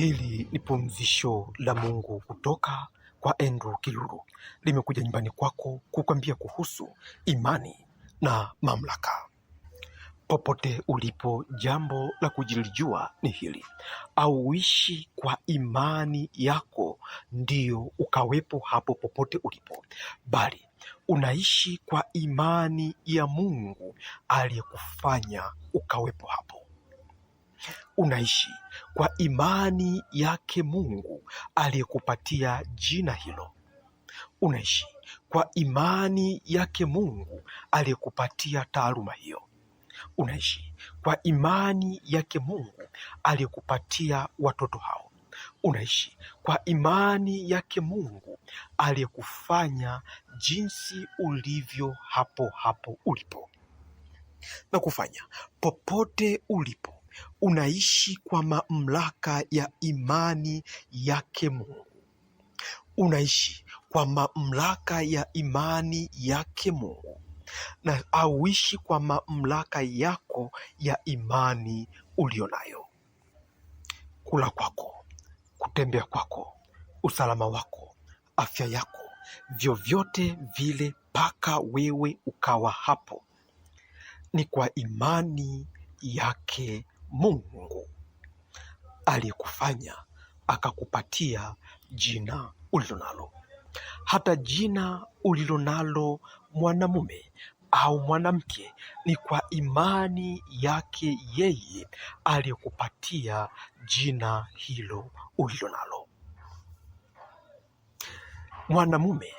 Hili ni pumzisho la Mungu kutoka kwa Andrew Kiluru, limekuja nyumbani kwako kukwambia kuhusu imani na mamlaka. Popote ulipo, jambo la kujilijua ni hili: au uishi kwa imani yako ndiyo ukawepo hapo popote ulipo, bali unaishi kwa imani ya Mungu aliyekufanya ukawepo hapo. Unaishi kwa imani yake Mungu aliyekupatia jina hilo. Unaishi kwa imani yake Mungu aliyekupatia taaluma hiyo. Unaishi kwa imani yake Mungu aliyekupatia watoto hao. Unaishi kwa imani yake Mungu aliyekufanya jinsi ulivyo hapo hapo ulipo na kufanya popote ulipo Unaishi kwa mamlaka ya imani yake Mungu. Unaishi kwa mamlaka ya imani yake Mungu, na auishi kwa mamlaka yako ya imani ulionayo. Kula kwako, kutembea kwako, usalama wako, afya yako, vyovyote vile, mpaka wewe ukawa hapo, ni kwa imani yake Mungu alikufanya akakupatia jina ulilonalo, hata jina ulilonalo mwanamume au mwanamke ni kwa imani yake yeye aliyekupatia jina hilo ulilonalo. Mwanamume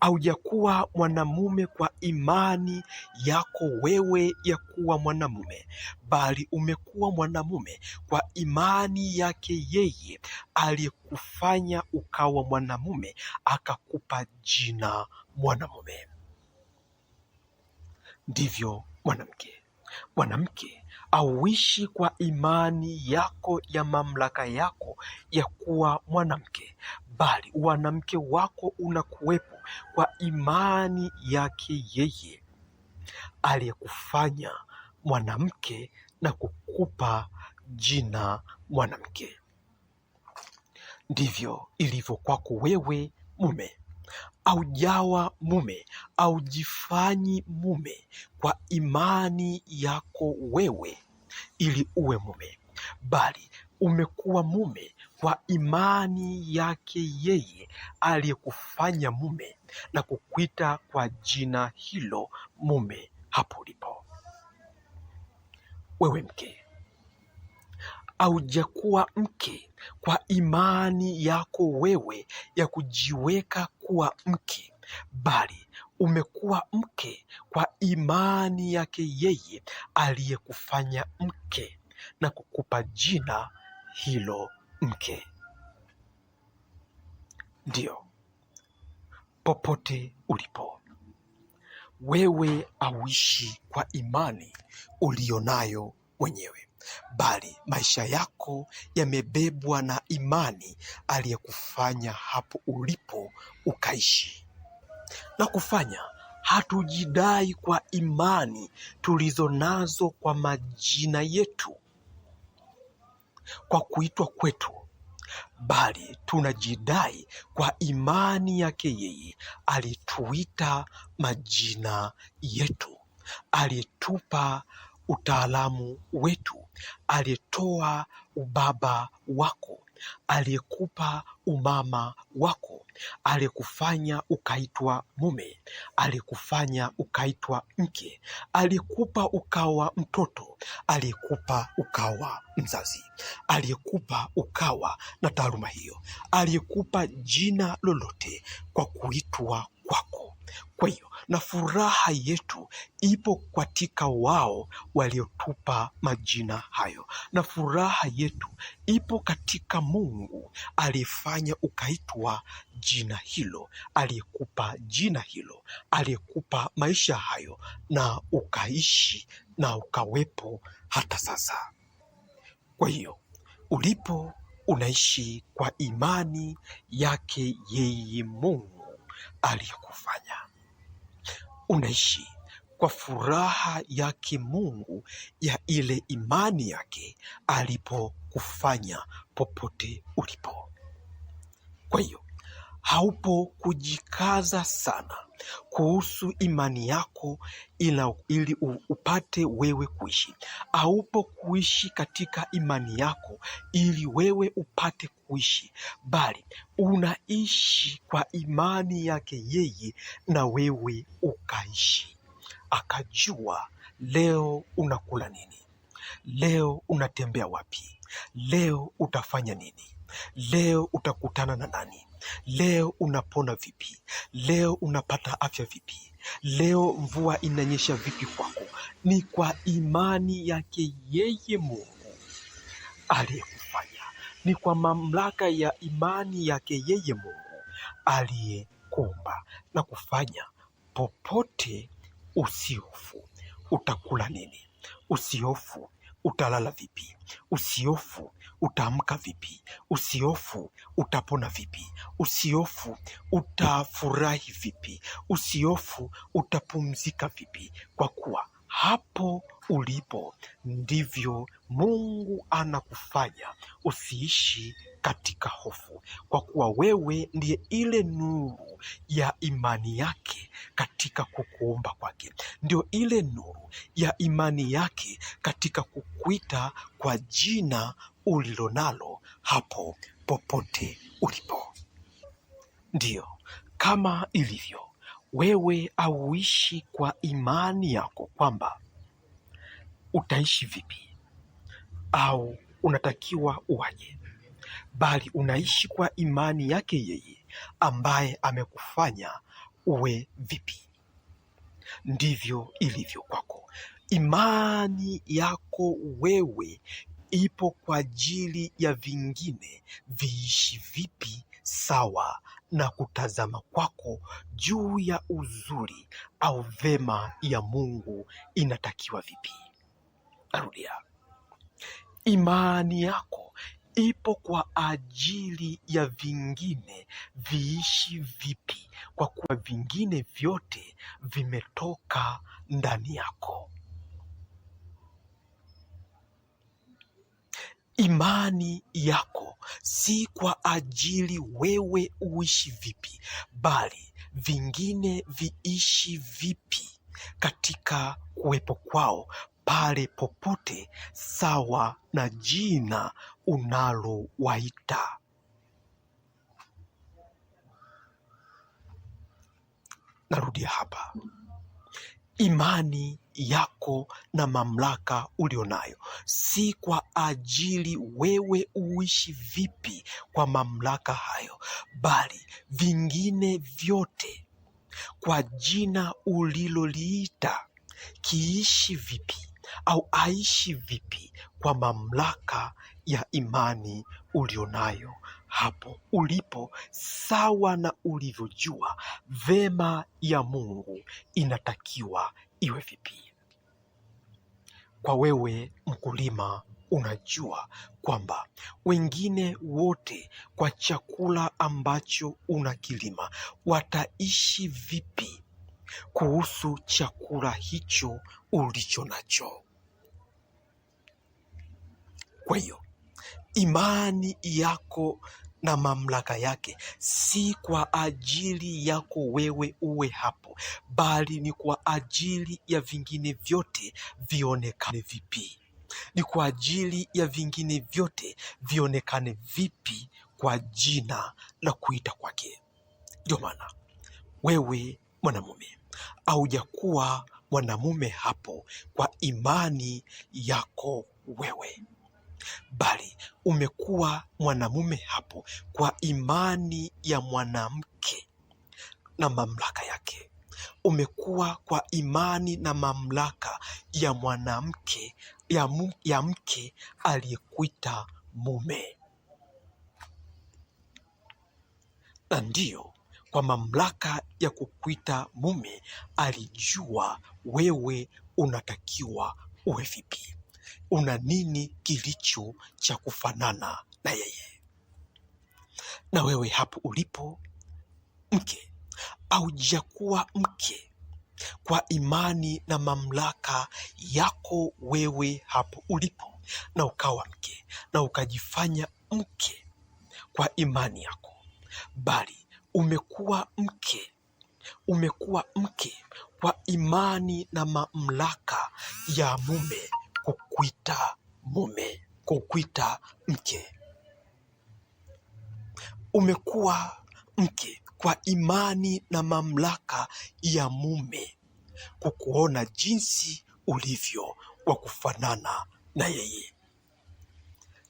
haujakuwa mwanamume kwa imani yako wewe ya kuwa mwanamume, bali umekuwa mwanamume kwa imani yake yeye aliyekufanya ukawa mwanamume, akakupa jina mwanamume. Ndivyo mwanamke, mwanamke auishi kwa imani yako ya mamlaka yako ya kuwa mwanamke, bali wanamke wako unakuwepo kwa imani yake yeye aliyekufanya mwanamke na kukupa jina mwanamke. Ndivyo ilivyo kwako wewe mume. Aujawa mume, aujifanyi mume kwa imani yako wewe ili uwe mume, bali umekuwa mume kwa imani yake yeye aliyekufanya mume na kukuita kwa jina hilo mume hapo ulipo. Wewe mke, aujakuwa mke kwa imani yako wewe ya kujiweka kuwa mke, bali umekuwa mke kwa imani yake yeye aliyekufanya mke na kukupa jina hilo mke. ndio popote ulipo wewe, auishi kwa imani ulionayo mwenyewe, bali maisha yako yamebebwa na imani aliyekufanya hapo ulipo ukaishi na kufanya hatujidai kwa imani tulizo nazo kwa majina yetu, kwa kuitwa kwetu, bali tunajidai kwa imani yake yeye alituita majina yetu, alitupa utaalamu wetu, alitoa ubaba wako, aliyekupa umama wako, aliyekufanya ukaitwa mume, aliyekufanya ukaitwa mke, aliyekupa ukawa mtoto, aliyekupa ukawa mzazi, aliyekupa ukawa na taaluma hiyo, aliyekupa jina lolote kwa kuitwa kwako. Kwa hiyo na furaha yetu ipo katika wao waliotupa majina hayo, na furaha yetu ipo katika Mungu aliyefanya ukaitwa jina hilo, aliyekupa jina hilo, aliyekupa maisha hayo, na ukaishi na ukawepo hata sasa. Kwa hiyo ulipo unaishi kwa imani yake yeye Mungu aliyokufanya unaishi kwa furaha ya kimungu ya ile imani yake alipokufanya popote ulipo. Kwa hiyo haupo kujikaza sana kuhusu imani yako ina, ili upate wewe kuishi. Haupo kuishi katika imani yako ili wewe upate kuishi, bali unaishi kwa imani yake yeye, na wewe ukaishi, akajua leo unakula nini, leo unatembea wapi, leo utafanya nini, leo utakutana na nani Leo unapona vipi? Leo unapata afya vipi? Leo mvua inanyesha vipi kwako? Ni kwa imani yake yeye Mungu aliyekufanya, ni kwa mamlaka ya imani yake yeye Mungu aliyekuumba na kufanya. Popote usiofu Utakula nini? usiofu Utalala vipi? usiofu utaamka vipi? usiofu utapona vipi? usiofu utafurahi vipi? usiofu utapumzika vipi? Kwa kuwa hapo ulipo ndivyo Mungu anakufanya usiishi katika hofu, kwa kuwa wewe ndiye ile nuru ya imani yake katika kukuumba kwake, ndio ile nuru ya imani yake katika kukuita kwa jina ulilonalo hapo popote ulipo. Ndiyo, kama ilivyo wewe auishi kwa imani yako kwamba utaishi vipi au unatakiwa uaje, bali unaishi kwa imani yake yeye ambaye amekufanya uwe vipi. Ndivyo ilivyo kwako. Imani yako wewe ipo kwa ajili ya vingine viishi vipi sawa na kutazama kwako juu ya uzuri au vema ya Mungu inatakiwa vipi. Narudia, imani yako ipo kwa ajili ya vingine viishi vipi, kwa kuwa vingine vyote vimetoka ndani yako. imani yako si kwa ajili wewe uishi vipi, bali vingine viishi vipi katika kuwepo kwao pale popote, sawa na jina unalowaita. Narudia hapa, imani yako na mamlaka ulionayo, si kwa ajili wewe uishi vipi kwa mamlaka hayo, bali vingine vyote kwa jina uliloliita kiishi vipi au aishi vipi kwa mamlaka ya imani ulionayo hapo ulipo, sawa na ulivyojua vema ya Mungu inatakiwa iwe vipi kwa wewe mkulima unajua kwamba wengine wote kwa chakula ambacho unakilima wataishi vipi kuhusu chakula hicho ulicho nacho. Kwa hiyo imani yako na mamlaka yake, si kwa ajili yako wewe uwe hapo, bali ni kwa ajili ya vingine vyote vionekane vipi? Ni kwa ajili ya vingine vyote vionekane vipi kwa jina la kuita kwake. Ndio maana wewe mwanamume haujakuwa mwanamume hapo kwa imani yako wewe bali umekuwa mwanamume hapo kwa imani ya mwanamke na mamlaka yake. Umekuwa kwa imani na mamlaka ya mwanamke ya, mu, ya mke aliyekuita mume, na ndiyo kwa mamlaka ya kukuita mume alijua wewe unatakiwa uwe vipi una nini kilicho cha kufanana na yeye? Na wewe hapo ulipo mke, aujakuwa mke kwa imani na mamlaka yako wewe hapo ulipo, na ukawa mke na ukajifanya mke kwa imani yako, bali umekuwa mke umekuwa mke kwa imani na mamlaka ya mume kwa mume, kukwita mke. Umekuwa mke kwa imani na mamlaka ya mume kukuona jinsi ulivyo wa kufanana na yeye,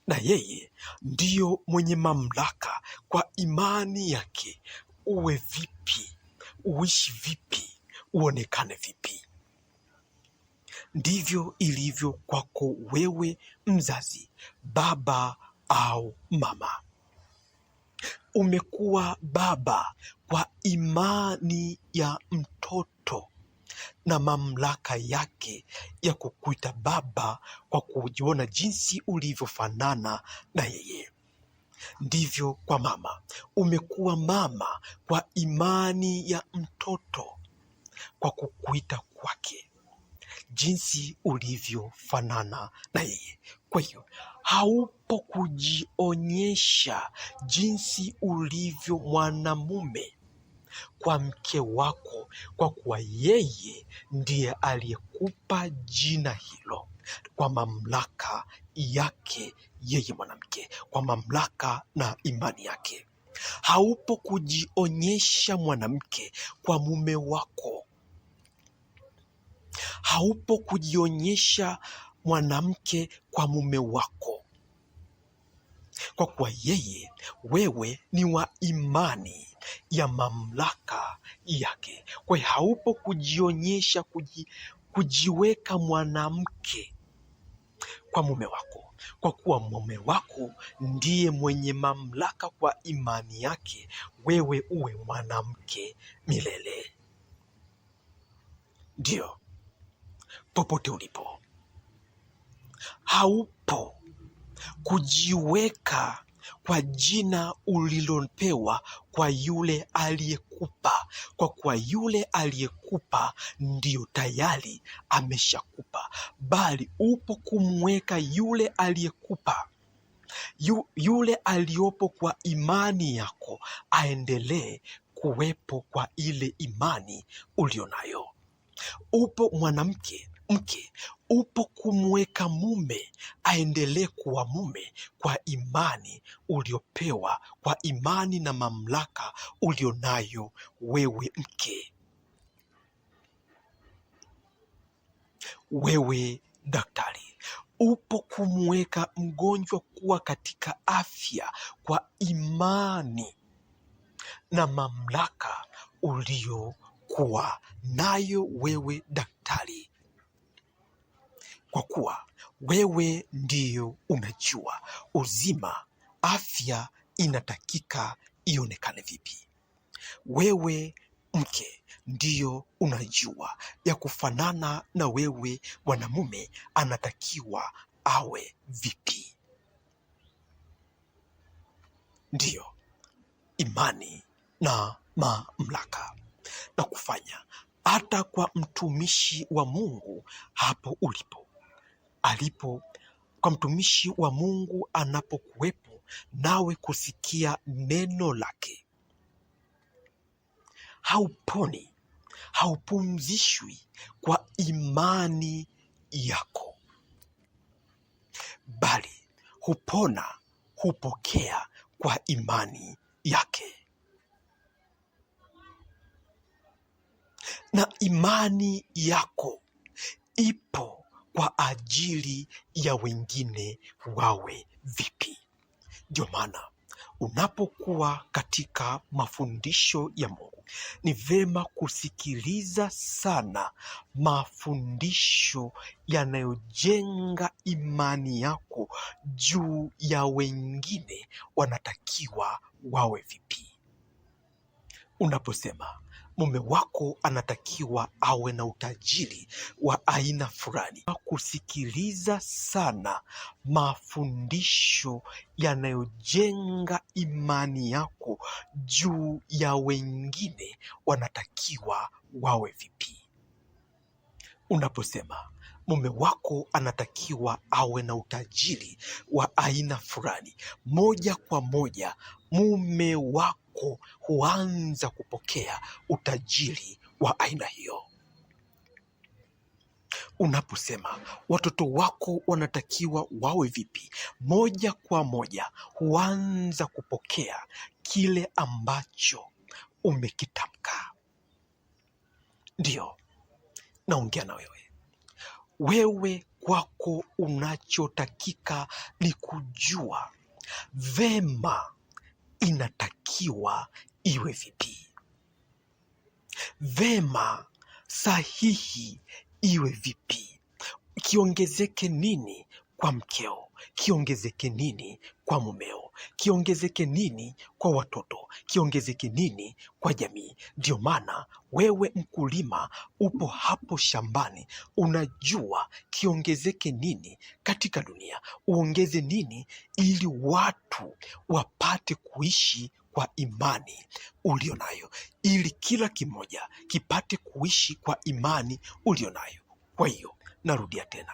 na yeye ndiyo mwenye mamlaka kwa imani yake, uwe vipi, uishi vipi, uonekane vipi ndivyo ilivyo kwako wewe mzazi, baba au mama. Umekuwa baba kwa imani ya mtoto na mamlaka yake ya kukuita baba kwa kujiona jinsi ulivyofanana na yeye. Ndivyo kwa mama, umekuwa mama kwa imani ya mtoto kwa kukuita kwake jinsi ulivyofanana na yeye. Kwa hiyo haupo kujionyesha jinsi ulivyo mwanamume kwa mke wako, kwa kuwa yeye ndiye aliyekupa jina hilo kwa mamlaka yake yeye mwanamke, kwa mamlaka na imani yake. Haupo kujionyesha mwanamke kwa mume wako haupo kujionyesha mwanamke kwa mume wako, kwa kuwa yeye wewe ni wa imani ya mamlaka yake. Kwa hiyo haupo kujionyesha kuji, kujiweka mwanamke kwa mume wako, kwa kuwa mume wako ndiye mwenye mamlaka kwa imani yake, wewe uwe mwanamke milele. Ndiyo popote ulipo. Haupo kujiweka kwa jina ulilopewa kwa yule aliyekupa, kwa kuwa yule aliyekupa ndiyo tayari ameshakupa, bali upo kumweka yule aliyekupa yu, yule aliyopo kwa imani yako aendelee kuwepo kwa ile imani ulionayo. Upo mwanamke mke upo kumweka mume aendelee kuwa mume kwa imani uliopewa, kwa imani na mamlaka ulionayo wewe mke, wewe daktari upo kumweka mgonjwa kuwa katika afya kwa imani na mamlaka uliokuwa nayo wewe daktari kwa kuwa wewe ndiyo unajua uzima, afya inatakika ionekane vipi. Wewe mke ndiyo unajua ya kufanana na wewe mwanamume anatakiwa awe vipi. Ndiyo imani na mamlaka na kufanya hata kwa mtumishi wa Mungu hapo ulipo alipo, kwa mtumishi wa Mungu anapokuwepo, nawe kusikia neno lake. Hauponi, haupumzishwi kwa imani yako, bali hupona, hupokea kwa imani yake. Na imani yako ipo kwa ajili ya wengine wawe vipi. Ndio maana unapokuwa katika mafundisho ya Mungu ni vema kusikiliza sana mafundisho yanayojenga imani yako juu ya wengine wanatakiwa wawe vipi. Unaposema mume wako anatakiwa awe na utajiri wa aina fulani. Kusikiliza sana mafundisho yanayojenga imani yako juu ya wengine wanatakiwa wawe vipi. Unaposema mume wako anatakiwa awe na utajiri wa aina fulani, moja kwa moja mume wako ku, huanza kupokea utajiri wa aina hiyo. Unaposema watoto wako wanatakiwa wawe vipi, moja kwa moja huanza kupokea kile ambacho umekitamka. Ndiyo, naongea na wewe. Wewe kwako unachotakika ni kujua vema inatakiwa iwe vipi, vema, sahihi iwe vipi, kiongezeke nini kwa mkeo, kiongezeke nini kwa mumeo, kiongezeke nini kwa watoto, kiongezeke nini kwa jamii. Ndio maana wewe mkulima upo hapo shambani, unajua kiongezeke nini katika dunia, uongeze nini ili watu wapate kuishi kwa imani ulio nayo, ili kila kimoja kipate kuishi kwa imani ulio nayo. Kwa hiyo Narudia tena,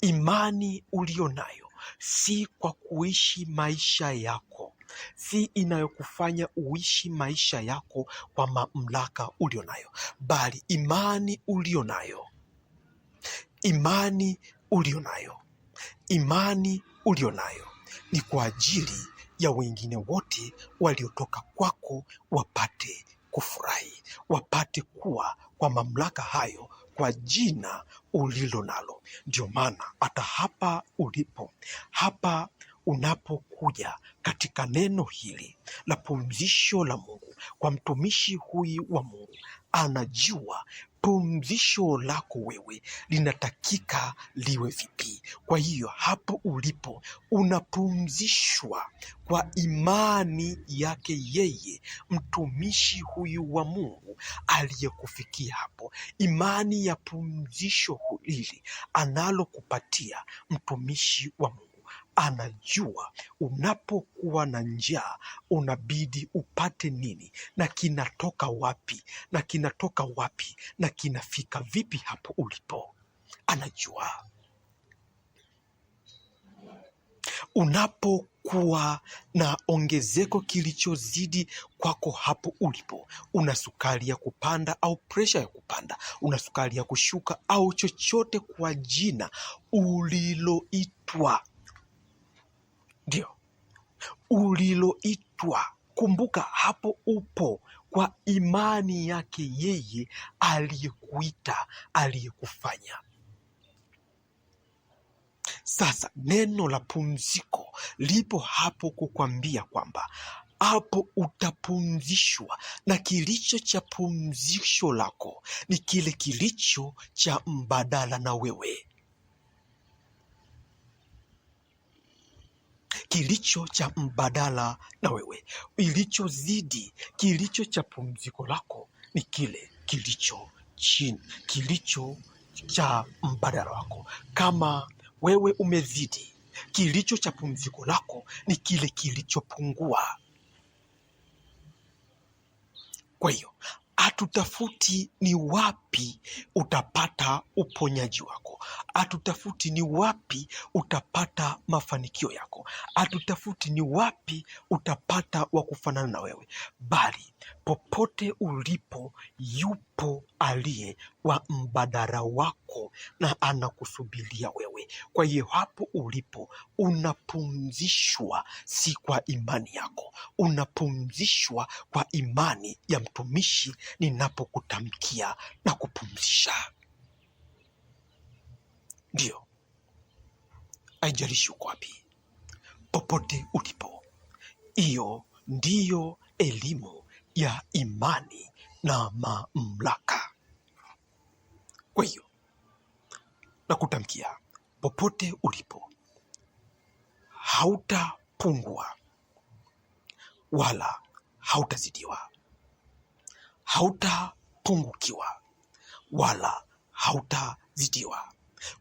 imani uliyo nayo si kwa kuishi maisha yako, si inayokufanya uishi maisha yako kwa mamlaka uliyo nayo, bali imani uliyo nayo, imani uliyo nayo, imani uliyo nayo ni kwa ajili ya wengine wote waliotoka kwako wapate kufurahi, wapate kuwa kwa mamlaka hayo kwa jina ulilo nalo. Ndio maana hata hapa ulipo, hapa unapokuja katika neno hili la pumzisho la Mungu kwa mtumishi huyu wa Mungu, anajua pumzisho lako wewe linatakika liwe vipi? Kwa hiyo hapo ulipo unapumzishwa kwa imani yake yeye mtumishi huyu wa Mungu aliyekufikia hapo. Imani ya pumzisho hili analokupatia mtumishi wa Mungu anajua unapokuwa na njaa unabidi upate nini na kinatoka wapi na kinatoka wapi na kinafika vipi hapo ulipo. Anajua unapokuwa na ongezeko kilichozidi kwako hapo ulipo, una sukari ya kupanda au presha ya kupanda, una sukari ya kushuka au chochote kwa jina uliloitwa ndio uliloitwa. Kumbuka hapo upo kwa imani yake yeye aliyekuita, aliyekufanya. Sasa neno la pumziko lipo hapo kukwambia kwamba hapo utapumzishwa, na kilicho cha pumzisho lako ni kile kilicho cha mbadala na wewe. kilicho cha mbadala na wewe, zidi, kilicho cha pumziko lako ni kile kilicho chini, kilicho cha mbadala wako. Kama wewe umezidi, kilicho cha pumziko lako ni kile kilichopungua. Kwa hiyo Hatutafuti ni wapi utapata uponyaji wako, hatutafuti ni wapi utapata mafanikio yako, hatutafuti ni wapi utapata wa kufanana na wewe, bali Popote ulipo, yupo aliye wa mbadala wako na anakusubilia wewe. Kwa hiyo hapo ulipo unapumzishwa, si kwa imani yako, unapumzishwa kwa imani ya mtumishi ninapokutamkia na kupumzisha. Ndiyo, haijalishi uko wapi, popote ulipo, hiyo ndiyo elimu ya imani na mamlaka. Kwa hiyo na kutamkia popote ulipo, hautapungua wala hautazidiwa, hautapungukiwa wala hautazidiwa,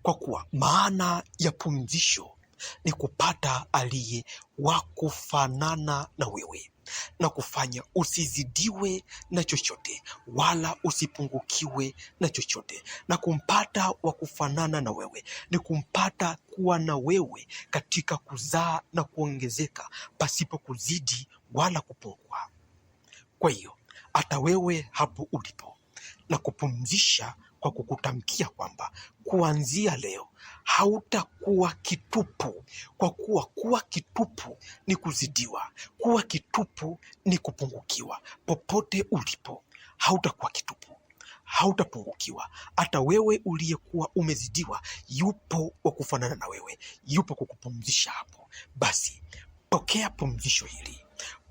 kwa kuwa maana ya pumzisho ni kupata aliye wa kufanana na wewe na kufanya usizidiwe na chochote wala usipungukiwe na chochote. Na kumpata wa kufanana na wewe ni kumpata kuwa na wewe katika kuzaa na kuongezeka pasipo kuzidi wala kupungua. Kwa hiyo hata wewe hapo ulipo na kupumzisha kwa kukutamkia kwamba kuanzia leo hautakuwa kitupu, kwa kuwa kuwa kitupu ni kuzidiwa, kuwa kitupu ni kupungukiwa. Popote ulipo, hautakuwa kitupu, hautapungukiwa. Hata wewe uliyekuwa umezidiwa, yupo wa kufanana na wewe, yupo kukupumzisha hapo. Basi pokea pumzisho hili,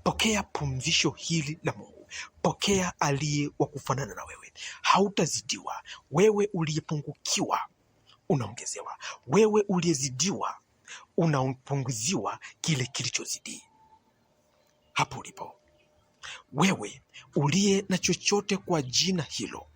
pokea pumzisho hili la Mungu pokea aliye wa kufanana na wewe. Hautazidiwa. Wewe uliyepungukiwa unaongezewa, wewe uliyezidiwa unapunguziwa kile kilichozidi hapo ulipo. Wewe uliye na chochote kwa jina hilo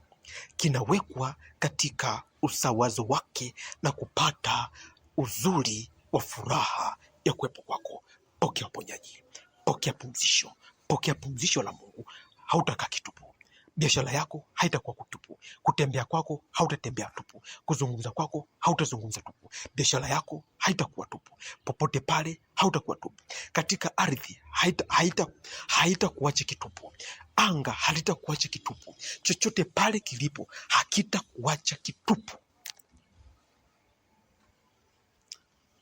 kinawekwa katika usawazo wake na kupata uzuri wa furaha ya kuwepo kwako. Pokea uponyaji, pokea pumzisho, pokea pumzisho la Mungu, hautakaa kitupu. Biashara yako haitakuwa kutupu. Kutembea kwako hautatembea tupu. Kuzungumza kwako hautazungumza tupu. Biashara yako haitakuwa tupu. Popote pale hautakuwa tupu. Katika ardhi haita haita kuacha kitupu. Anga halita kuacha kitupu. Chochote pale kilipo hakita kuacha kitupu.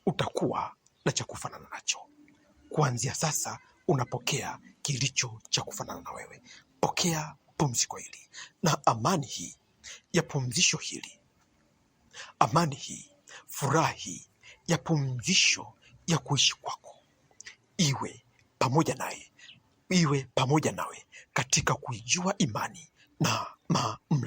Utakuwa na cha kufanana nacho kuanzia sasa unapokea kilicho cha kufanana na wewe. Pokea pumziko hili na amani hii ya pumzisho hili, amani hii, furaha hii ya pumzisho ya kuishi kwako iwe pamoja naye, iwe pamoja nawe katika kuijua imani na mamlaka.